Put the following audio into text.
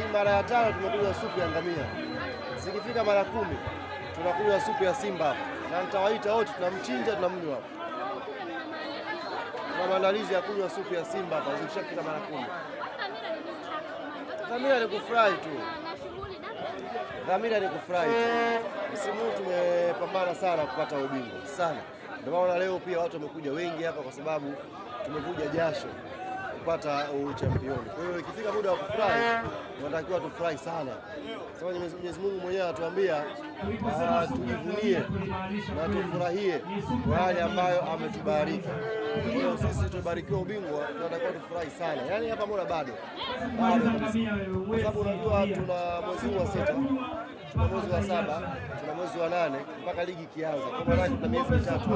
Hii mara ya tano tumekunywa supu ya ngamia, zikifika mara kumi tunakunywa supu ya simba hapa, na nitawaita wote, tunamchinja tunamnywa hapa. Tuna maandalizi ya kunywa supu ya simba hapa, zikishafika mara kumi. Dhamira ni kufurahi tu, dhamira ni kufurahi tu. Msimu huu tumepambana sana kupata ubingwa sana, ndio maana leo pia watu wamekuja wengi hapa, kwa sababu tumevuja jasho kupata uchampioni. Kwa hiyo ikifika muda wa kufurahi, tunatakiwa tufurahi sana. Sema Mwenyezi Mungu mwenyewe anatuambia ah, tujivunie na tufurahie kwa yale ambayo ametubariki. Kwa sisi tubarikiwa ubingwa, tunatakiwa tufurahi sana. Yaani hapa muda bado, kwa sababu unajua tuna mwezi wa sita, tuna mwezi wa saba, tuna mwezi wa nane mpaka ligi ikianza, kwa maana tuna miezi mitatu